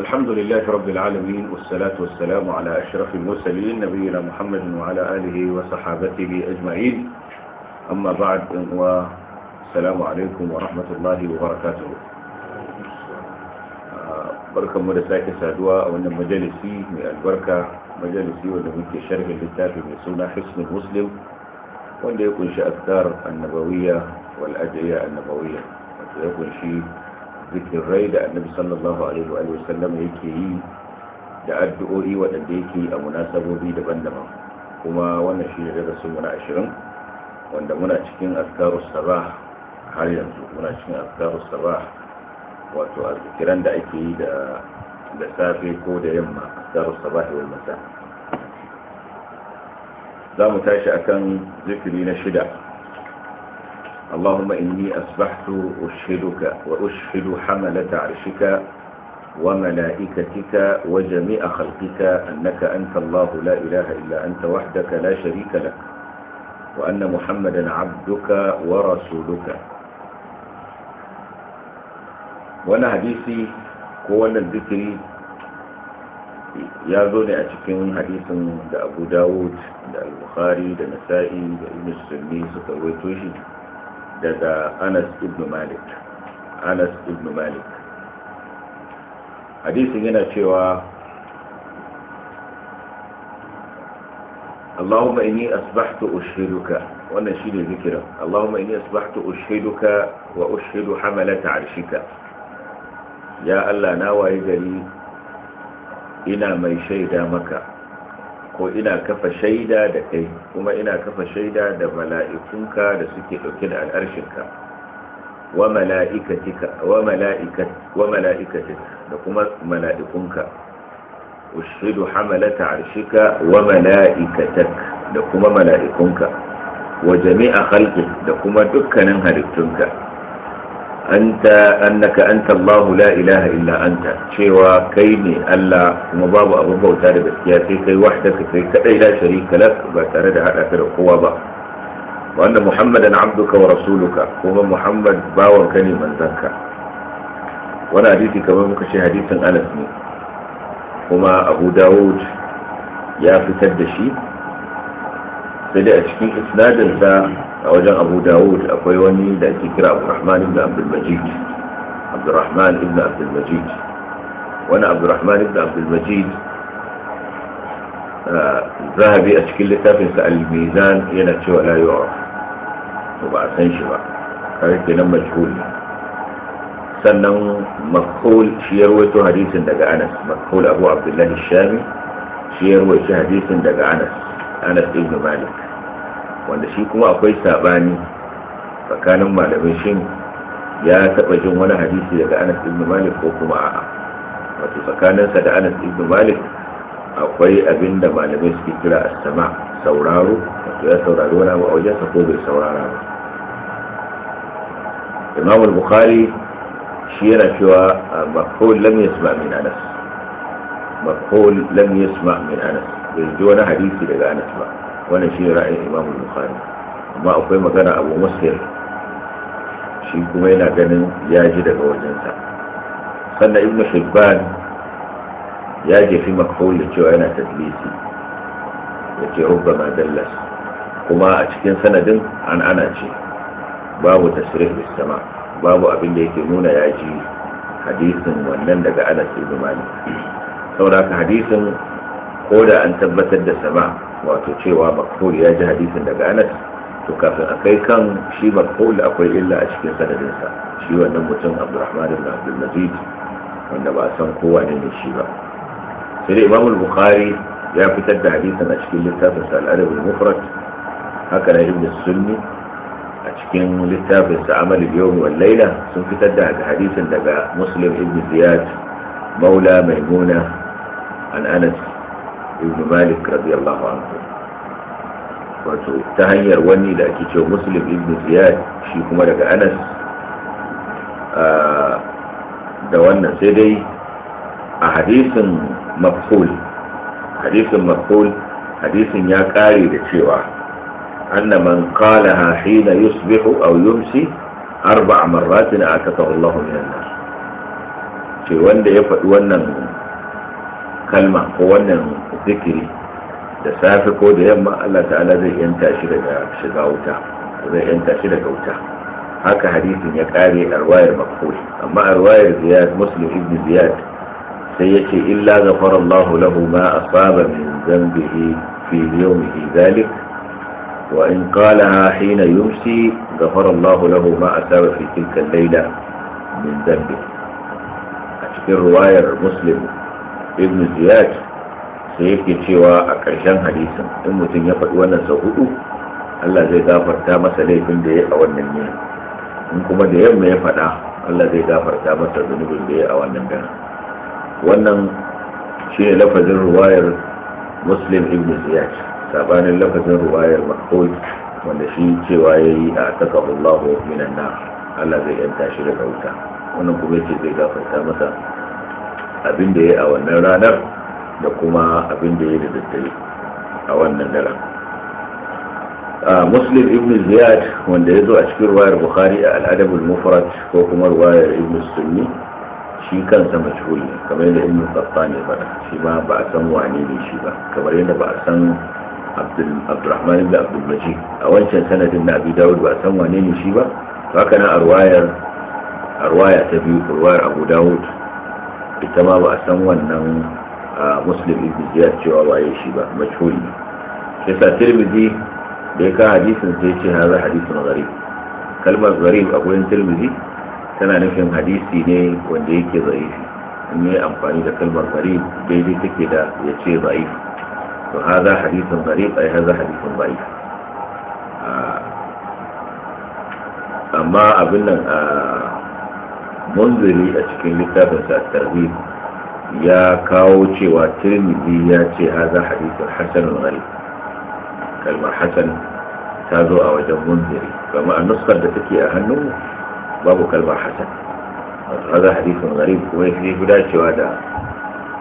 الحمد لله رب العالمين والصلاة والسلام على أشرف المرسلين نبينا محمد وعلى آله وصحابته أجمعين أما بعد والسلام عليكم ورحمة الله وبركاته آه، بركة مرساك سادوا وأن مجلسي من البركة مجلسي ولمك شرح الكتاب من سنة حسن المسلم وأن يكون شيء أكثر النبوية والأدعية النبوية وأن يكون شيء rai da annabi sallallahu alaihi wa sallam yake yi da addu'o'i waɗanda yake yi a munasabobi daban-daban kuma wannan shi ne daga sun muna ashirin wanda muna cikin azkaru sabah har yanzu muna cikin azkaru sabah wato azkiran da ake yi da da safe ko da yamma azkaru sabah wal masa za mu tashi akan zikiri na shida اللهم إني أصبحت أشهدك وأشهد حملة عرشك وملائكتك وجميع خلقك أنك أنت الله لا إله إلا أنت وحدك لا شريك لك وأن محمدا عبدك ورسولك وانا حديثي كوانا الذكري يا ذوني أتكين حديث cikin hadisin da abu dawud da al-bukhari daga Anas ibn Malik Anas ibn Malik hadisin yana cewa Allahumma inni asbahtu ushhiduka wannan shine zikirin Allahumma inni asbahtu ushiduka wa ushidu hamalata arshika ya Allah na waye gari ina mai shaida maka ko ina kafa shaida da kai kuma ina kafa shaida da mala'ikunka da suke ɗauke da al'arshinka wa mala'ikatika wa mala'ikat da kuma mala'ikunka ushidu hamalata arshika wa mala'ikatak da kuma mala'ikunka wa jami'a khalqi da kuma dukkanin halittunka anta annaka anta Allah la ilaha illa anta cewa kai ne Allah kuma babu abin bauta da gaskiya sai kai wahdaka kai kadai la sharika lak ba tare da hada da kowa ba wa anna muhammadan abduka wa rasuluka kuma muhammad bawan ka ne manzanka wani hadisi kamar muka ce hadisin Anas ne kuma Abu Dawud ya fitar da shi sai da a cikin isnadin sa a wajen abu dawud akwai wani da ake kira abdurrahman ibn abdulmajid abdurrahman ibn abdulmajid wani abdurrahman ibn abdulmajid zahabi a cikin littafinsa al-mizan yana cewa la yu'raf to ba a san shi ba kare kenan majhul sannan makhul shi ya rawaito hadisin daga Anas makhul Abu Abdullah Shami shi ya rawaito hadisin daga Anas Anas ibn Malik wanda shi kuma akwai sabani tsakanin malamin shin ya taba jin wani hadisi daga Anas ibn Malik ko kuma a'a wato tsakaninsa da Anas ibn Malik akwai abin da malamin suke kira as-sama sauraro wato ya saurari wani abu a wajensa ko bai saurara ba Imam al-Bukhari shi yana cewa maqul lam yasma min Anas maqul lam yasma min Anas bai ji wani hadisi daga Anas ba wannan shi ne ra'ayin imam bukhari amma akwai magana abu muslim shi kuma yana ganin ya ji daga wajensa sannan ibnu hibban ya jefi makful da cewa yana tadlisi da ce rubba ma kuma a cikin sanadin an ana ce babu tasirin sama babu abin da yake nuna ya ji hadisin wannan daga anas ibn malik saboda hadisin ko da an tabbatar da sama wato cewa makhul ya ji hadisin daga anas to kafin a kai kan shi makhul akwai illa a cikin sanadinsa shi wannan mutum abdurrahman ibn abdul wanda ba san kowa ne shi ba sai dai imamul bukhari ya fitar da hadisin a cikin littafin sa al-arab mufrad haka na ibn sunni a cikin littafin sa amal yawm wal layla sun fitar da hadisin daga muslim ibn ziyad maula maimuna an anas ibn malik radiyallahu anhu wato ta hanyar wani da ake cewa muslim ibn ziyad shi kuma daga anas da wannan sai dai a hadisin mafhul hadisin mafhul hadisin ya kare da cewa anna man qalaha hina yusbihu aw yumsi arba'a marratin akatahu Allah min an-nar ce wanda ya faɗi wannan kalma ko wannan zikiri da safe ko da yamma Allah ta'ala zai yanta shi daga shiga wuta zai yanta shi daga wuta haka hadisin ya kare arwayar makful amma arwayar ziyad muslim ibn ziyad sai yace illa ghafara Allah lahu ma asaba min dhanbihi fi yawmihi qala hina yumsi ghafara Allah lahu ma asaba fi tilka al-layla min dhanbihi a cikin ruwayar muslim ibn ziyad sai yake cewa a ƙarshen hadisin in mutum ya faɗi wannan sau hudu Allah zai gafarta masa laifin da ya a wannan ne. in kuma da yamma ya faɗa Allah zai gafarta masa zunubin da ya a wannan gana wannan shi ne lafazin ruwayar muslim ibn ziyad sabanin lafazin ruwayar makhdud wanda shi cewa ya yi a takahullahu minan nar Allah zai yanta shi daga wuta wannan kuma yake zai gafarta masa abin da ya a wannan ranar da kuma abin da ya da daddare a wannan daren muslim ibn ziyad wanda ya zo a cikin ruwayar bukhari a al'adabul mufrad ko kuma ruwayar ibn sunni shi kansa majhul ne kamar yadda ibn qattan ne ba shi ma ba a san wane ne shi ba kamar yadda ba a san abdurrahman ibn abdul majid a wancan sanadin na abi dawud ba a san wane ne shi ba haka nan a ruwayar ta biyu ruwayar abu dawud ita ma ba a san wannan muslim ibn ziyad cewa waye shi ba majhuli shi sa tirmidhi da ya kawo hadisin sai ce haza hadisin gharib kalmar gharib a gurin tirmidhi tana nufin hadisi ne wanda yake zaifi in yi amfani da kalmar gharib daidai take da ya ce zaifi to haza hadisin gharib ai haza hadisin zaifi amma abin nan a munziri a cikin littafin sa tarbiyyar ya kawo cewa tirmidhi ya ce haza hadithun hasan al kalmar hasan ta zo a wajen munziri kuma a nuskar da take a hannu babu kalmar hasan wato haza hadithun gharib kuma ya fi cewa da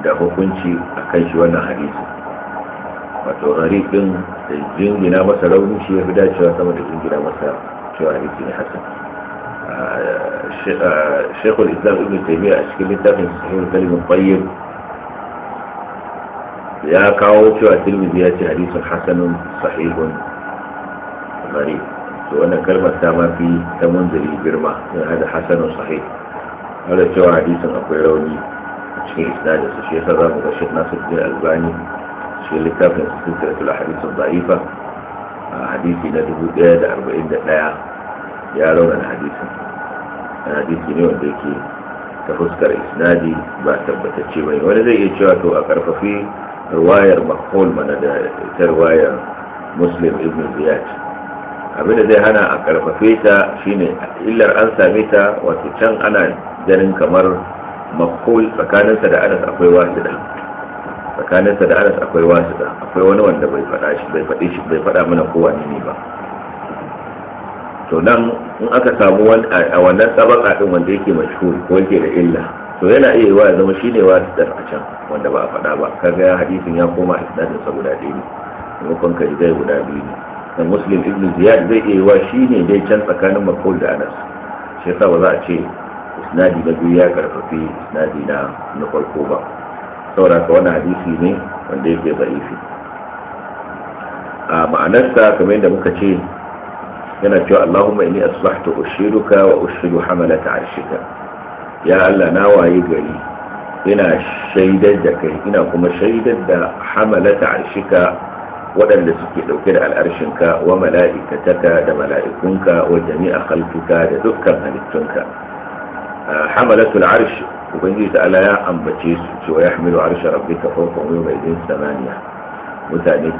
da hukunci a kan shi wannan hadisi wato gharib din da jingina masa rauni shi ya fi dacewa sama jingina masa cewa hadisi ne hasan شيخ الإسلام ابن تيمية أشكل تافه في صحيح الكلمة الطيب يا كاو شو التلمذي ياتي حديث حسن صحيح غريب وانا كلمة تامة في تمنزل البرمة هذا حسن صحيح هذا شو حديث أقيروني أشكل إسناد الشيخ هذا مغشق ناصر الدين الألباني أشكل الكتاب في سلسلة الأحاديث الضعيفة حديثي نتبو دائد أربعين دقيقه يا رونا الحديث hadisi ne wanda yake ta fuskar isnadi ba tabbatacce bane wani zai iya cewa to a karfafi ruwayar makhul mana da ita ruwayar muslim ibn ziyad abinda zai hana a karfafe ta shine illar an same ta wato can ana ganin kamar makhul tsakaninsa da anas akwai da tsakaninsa da anas akwai da akwai wani wanda bai faɗa shi bai faɗa mana kowane ne ba to nan in aka samu a wannan tabaka din wanda yake mashhur ko yake da illa to yana iya yiwa ya zama shine wasu da a can wanda ba a faɗa ba kaga ya hadisin ya koma isnadin sa guda ɗaya ne maimakon ka zai guda biyu ne Dan muslim ibn ziyad zai iya yiwa ne dai can tsakanin makul da anas shi yasa ba za a ce isnadi na biyu ya karfafi isnadi na na farko ba saboda ka wani hadisi ne wanda yake zaifi a ma'anarsa kamar yadda muka ce yana cewa Allahumma inni asbahtu ushiduka wa ushidu hamalata arshika ya Allah na waye gari ina shaidar da kai ina kuma shaidar da hamalata arshika waɗanda suke ɗauke da al'arshinka wa mala'ikataka da mala'ikunka wa jami'a khalqika da dukkan halittunka hamalatul arsh ubangiji ala ya ambace su cewa yahmilu arsha rabbika fawqa mai idin samaniya mutane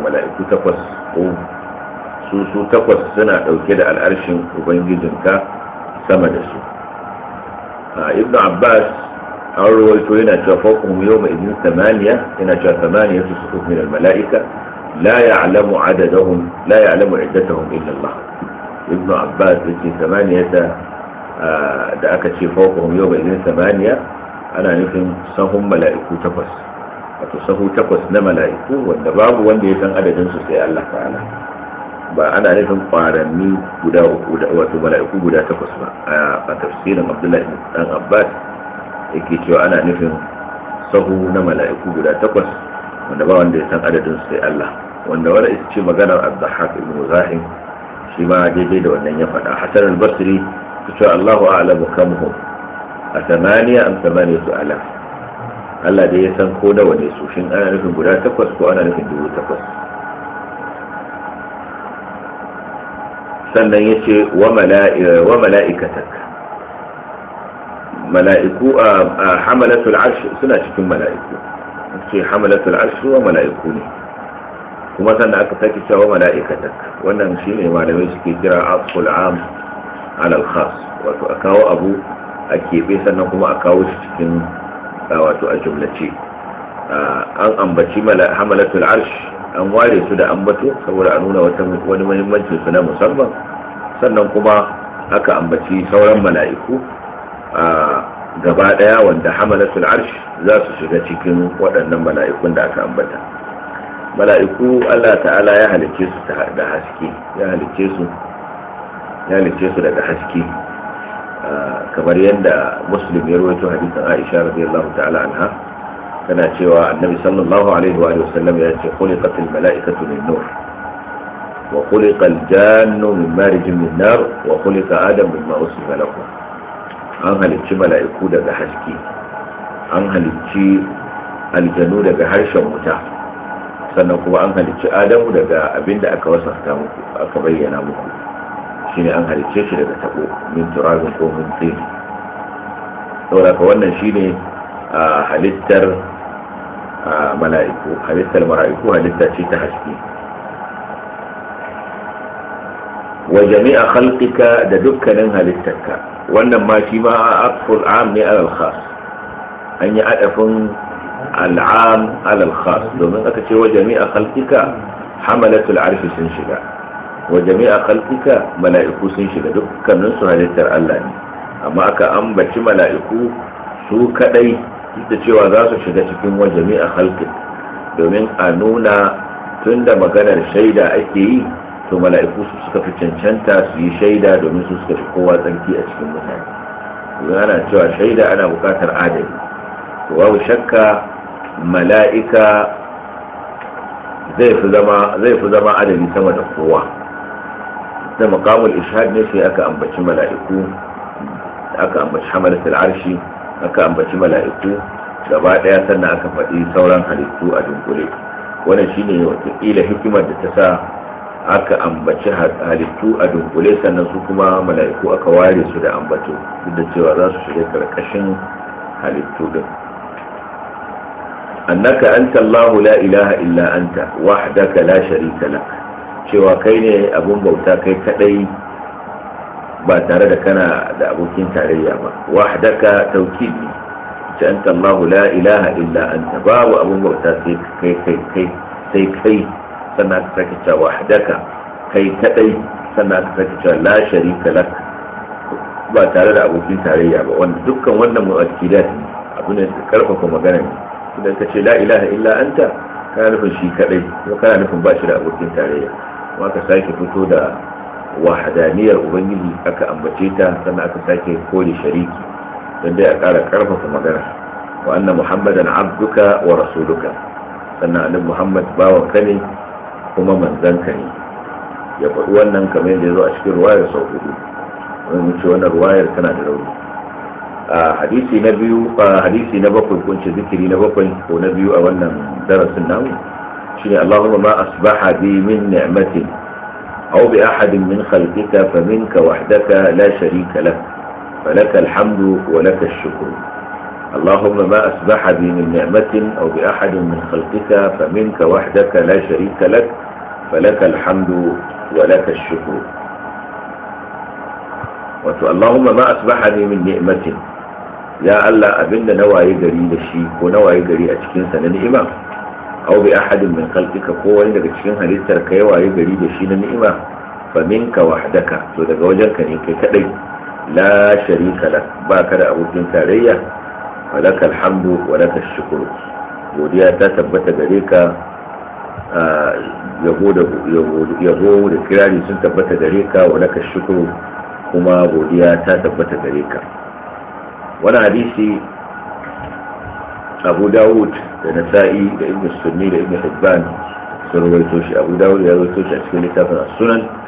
mala'iku takwas su su takwas suna ɗauke da al'arshin ubangijinka sama da su a ibn abbas an rawaito yana cewa fawqahum yawma idin samaniya yana cewa samaniya su su min al-mala'ika la ya'lamu adadahum la ya'lamu iddatahum illa Allah ibn abbas yace samaniya da aka ce fawqahum yawma idin samaniya ana nufin sahun mala'iku takwas wato sahu takwas na mala'iku wanda babu wanda ya san adadin su sai Allah ta'ala ba ana nufin kwaranni guda uku da wato mala'iku guda takwas ba a tafsirin abdullahi dan abbas yake cewa ana nufin sahu na mala'iku guda takwas wanda ba wanda ya san adadin sai Allah wanda wala ita ce maganar az-zahaq ibn muzahim shi ma daidai da wannan ya faɗa hasan al-basri ta ce Allahu a'lamu kamhum a samaniya am samaniyatu su Allah da ya san ko da ne su shin ana nufin guda takwas ko ana nufin dubu takwas sannan ya ce wa mala'ikatak mala'iku a hamalatul arshi suna cikin mala'iku ce hamalatul arshi wa mala'iku ne kuma sannan aka sake cewa mala'ikatak wannan shi ne malamai suke kira afkul am al khas wato a kawo abu a keɓe sannan kuma a kawo shi cikin wato a jumlace an ambaci hamalatul arshi an ware su da ambato saboda a nuna wani muhimmancin su na musamman sannan kuma aka ambaci sauran mala'iku a gaba daya wanda hamalatul arsh za su shiga cikin waɗannan mala'ikun da aka ambata mala'iku Allah ta'ala ya halicce su da haske ya halicce su ya halicce su daga haske kamar yadda musulmi ya rawaito hadisin Aisha radiyallahu ta'ala anha tana cewa annabi sallallahu alaihi wa sallam ya ce khuliqatil mala'ikatu min nur wa khuliqal jannu min marijin min nar wa khuliqa adam min ma usifa lahu an halicci mala'iku daga haske an halicci aljanu daga harshen wuta sannan kuma an halicci adamu daga abinda aka wasafta muku aka bayyana muku shine an halicce shi daga tabo min turabin ko min tin saboda ka wannan shine ah, halittar mala'iku halittar mala'iku halitta ce ta haske wa jami'a khalqika da dukkanin halittarka wannan ma shi ma aqful am ne alal khas an yi adafin al'am alal khas domin aka ce wa jami'a khalqika hamalatul arshi sun shiga wa jami'a khalqika mala'iku sun shiga dukkanin su halittar Allah ne amma aka ambaci mala'iku su kadai duk da cewa za su shiga cikin wa jami'a halkin domin a nuna tun da maganar shaida ake yi to mala'iku su suka fi cancanta su yi shaida domin su suka fi kowa tsanki a cikin mutane domin ana cewa shaida ana buƙatar adali to babu shakka mala'ika zai fi zama zai fi zama adali sama da kowa da maqamul ishad ne sai aka ambaci mala'iku aka ambaci hamalatul arshi aka ambaci mala'iku gaba daya sannan aka faɗi sauran halittu a dunkule wannan shine ila hikimar da ta sa aka ambaci halittu a dunkule sannan su kuma mala'iku aka ware su da ambatu, duk da cewa za su shiga karkashin halittu din annaka anta Allahu la ilaha illa anta wahdaka la sharika lak cewa kai ne abun bauta kai kadai ba tare da kana da abokin tarayya ba wahdaka tawkid ta anta Allah la ilaha illa anta babu abun bauta sai kai kai kai sai kai sannan ka sake cewa wahdaka kai kadai sannan ka sake cewa la sharika lak ba tare da abokin tarayya ba wanda dukkan wannan mu'akkidat abu ne ka karfafa magana ne idan ka ce la ilaha illa anta kana nufin shi kadai kuma kana nufin ba shi da abokin tarayya kuma ka sake fito da wahadaniyar ubangiji aka ambace ta sannan aka sake kore shariki don dai a ƙara ƙarfafa magana wa anna muhammadan abduka wa rasuluka sannan annabi muhammad bawanka ne kuma manzanka ne ya faɗi wannan kamar yadda ya zo a cikin ruwayar sau hudu mun ce wannan ruwayar tana da rauni a hadisi na biyu a hadisi na bakwai ko ce zikiri na bakwai ko na biyu a wannan darasin namu shine Allahumma ma asbaha bi min ni'matin أو بأحد من خلقك فمنك وحدك لا شريك لك فلك الحمد ولك الشكر اللهم ما أسبح بي من نعمة أو بأحد من خلقك فمنك وحدك لا شريك لك فلك الحمد ولك الشكر اللهم ما أسبح بي من نعمة يا الله Allah نوعي قريب waye ونوعي قريب أشكين سنة نعمة aw bi ahadin min khalqika ko wani daga cikin halittar ka ya waye gari da shi na ni'ima fa minka wahdaka to daga wajenka ne kai kadai la sharika lak ba ka da abokin tarayya walaka alhamdu walaka shukru godiya ta tabbata gare ka yabo da kirari sun tabbata gare ka walaka shukru kuma godiya ta tabbata gare ka wani hadisi abu dawud da nasa'i da ibn sunni da ibn hibban sun rawaito shi abu dawud ya rawaito shi a cikin littafin sunan